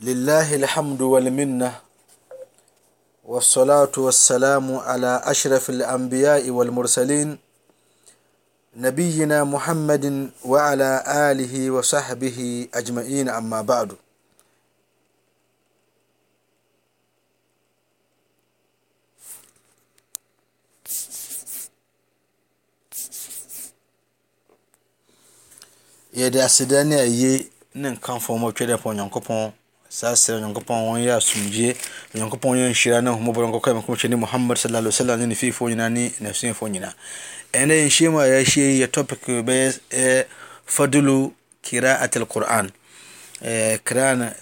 لله الحمد والمنه والصلاه والسلام على اشرف الانبياء والمرسلين نبينا محمد وعلى اله وصحبه اجمعين اما بعد يا asedɛ ne aye ne nkamfo ma twɛdɛ pɔ sasa wenyankopa wonye asumbiye wenyankopa wonye nshirana humo borongo kwa mkumu chini muhammad sallallahu alaihi wasallam ni fifo nyina ni nafsi fo nyina ene nshima ya shi ya topic be e fadlu qira'at alquran e qira'an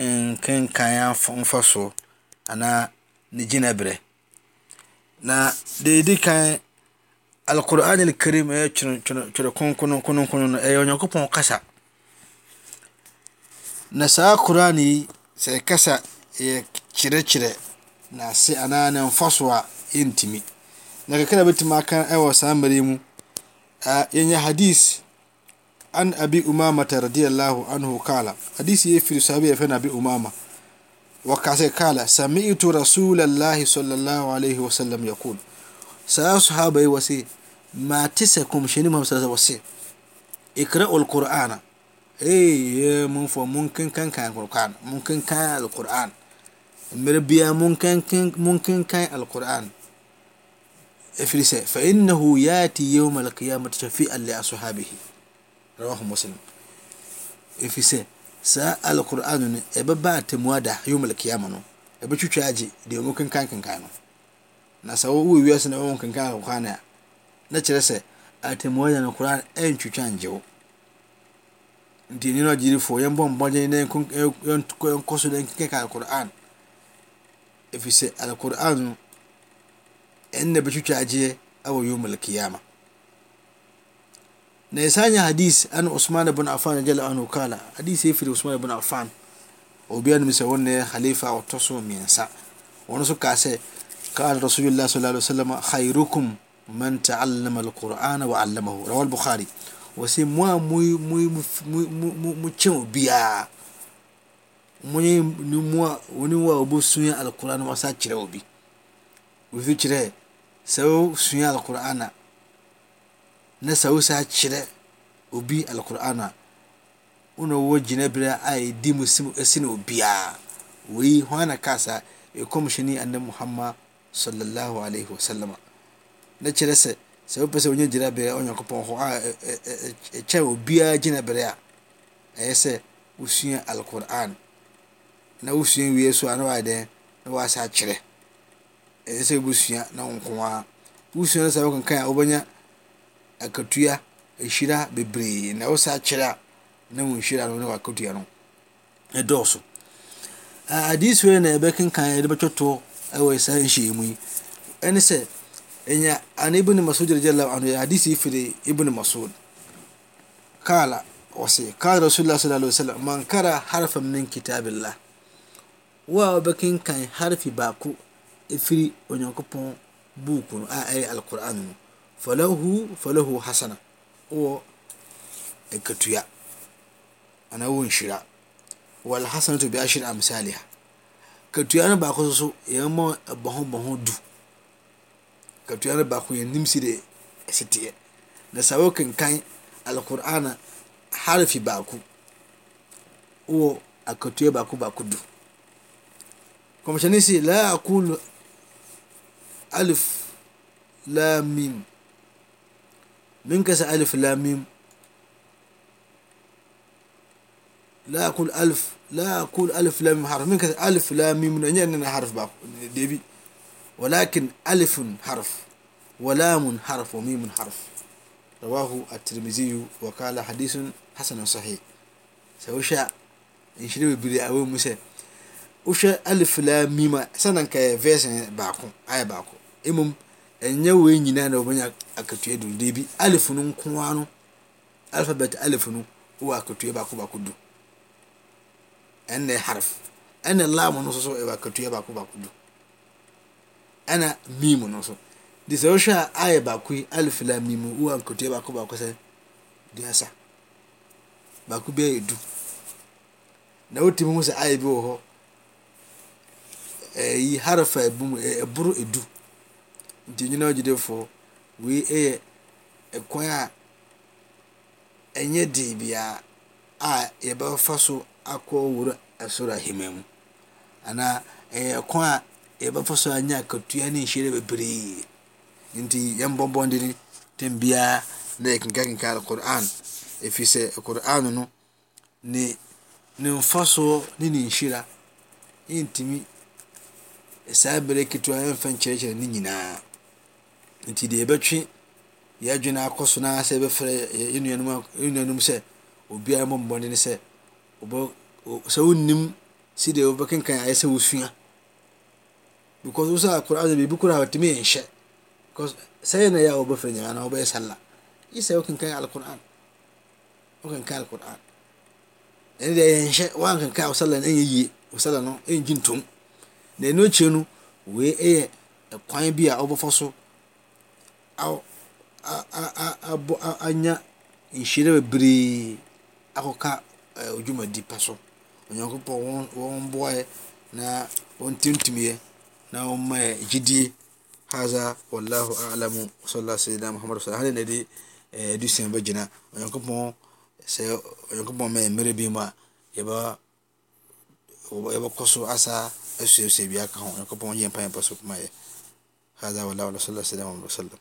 in e, kan kaya faso ana ni jina bre na deedi kan alquran alkarim e chiro chiro kono kono kono e yenyankopa kasa nasaa kurani sɛ kɛsa ye cirɛ cirɛ naseana nɛfɔswa en timi naka kala betimakawa san madmu yenyɛ hadis an abi umamata adi n a adsye firsabnb mama akasɛkaala sami'tu rasullah sa l wasam yal saasahabai wase maa tisɛ kmshenim wasi ikraulquran mf mokeaakeka ala keka alkran ɛ ina yat yamalkiama afia leashabihi usɛaalkran ɛa mudakaaauawae nti ɛnino agyidifoɔ yɛmbɔ mmɔden na yɛnkɔ so na nkeka alquran ɛfiri sɛ alquran no ɛn na bɛtwitwa agyeɛ awɔ yom alkiyama na yɛsan nyɛ hadis ana usman ibn affan jalla anhu kala hadis ɛfiri usman ibn affan obiara nim sɛ wɔn yɛ khalifa a ɔtɔ so mmiɛnsa wɔn nso kaa sɛ قال رسول الله صلى الله عليه وسلم خيركم من تعلم القرآن وعلمه رواه البخاري semua mu che obia ni wa obo sua alqran asa cherɛ obi chr sɛo sua alqurana na sa wo sa chere obi alquran a wonewo gina bera a edi usin obia ei hoanakasa komsheni ana muhama sala al wasalam ncherese sɛ wopɛ sɛ wonya gyiraberɛ nyankopɔn hkyan obiara gyina berɛ a ɛyɛ sɛ wosua alquran na wosua wie sonadɛ na waasɛ kyerɛɛwa kaua ia benawos kyerɛnaasn ɛkekaɛt wsa nyɛmuinsɛ inya an ibn masud rajallahu anhu hadisi fi ibn masud kala wasi kala rasulullah sallallahu alaihi wasallam man kara harfan min kitabillah wa bakin kan harfi baku ifri onyan kupon buku a ay alquran falahu falahu hasana o ekatuya ana won shira wal hasanatu bi ashri amsalha katuya na baku so yamma bahon bahon du katua no baako yɛnim si de ɛseteɛ na sɛ wokenkan alquran a harafi baako wɔ akatua baako baako du kɔmhyɛne si la akulu alif lam mim menkasa alif lam mim لا أقول ألف لا أقول ألف لام حرف من كذا ألف لام ميم من أين حرف باقو ديبي walakn alfe har walamu ha amim ha awah atrmizii waalahadiun hasansae swɛ nyerwebrsɛ ɛ al lamima sanaka esakɔm yɛ we yinanaea akatuade aln nkan alabet al w katabakakhal sskaa ana mim no so de sɛ wohwɛ a ayɛ baako yi alif lam mim wo a nkotua baako baako sɛ duasa baako bi ayɛ du na wotumi ho sɛ ayɛ bi wɔ hɔ ɛyi eh, harafa ebum eh, ɛboro edu nti nyina fo. wei ɛyɛ ɛkwan a ɛnyɛ dii biara a yɛbɛfa so akɔ wura ɛsoro ahema mu anaa ɛyɛ ɛkwan a yɛbɛfa so anya akatua ne nhyɛre bebree nti yɛmbɔ bɔndene tem biara na yɛkenkakenka alquran ɛfiri sɛ alquran no ne ne mfasoɔ ne ne nhyira yɛntumi saa berɛ ketewa yɛmfa nkyerɛkyerɛ ne nyinaa nti deɛ yɛbɛtwe yɛadwene akɔ so naa sɛ yɛbɛfrɛ yɛnuanom sɛ obiara mmɔmmɔde ne sɛ sɛ wonnim sɛdeɛ wobɛkenkan ayɛ sɛ wosua because wosan akora biribi kora a watumi nhyɛ because sɛyɛ na yɛ a wɔbɛfrɛ nyame anaa wɔbɛyɛ sala yi sɛ wokenkan alquran wokenkan alquran ɛne deɛ yɛnhyɛ woankenkan wo sala no ɛnyɛ yie sala no ɛngyi ntom na ɛno akyire no wei ɛyɛ e ɛkwan bi a wobɛfa so anya nhyira bebree akɔka odwumadi eh, pa so onyankopɔn wɔn boaɛ na wɔntintumiɛ na wɔmma gyidie haza wallahu alamu sallallahu alaihi wa muhammadu sallallahu alaihi wa sallam de adusua bɛgyina onyankopɔn sɛ onyankopɔn ma mmerɛ bi mu a yɛbɛ yɛbɛkɔ so asa asuasua bi aka ho onyankopɔn yɛ mpa yɛmpa so kuma yɛ haza wallahu sallallahu alaihi wa sallam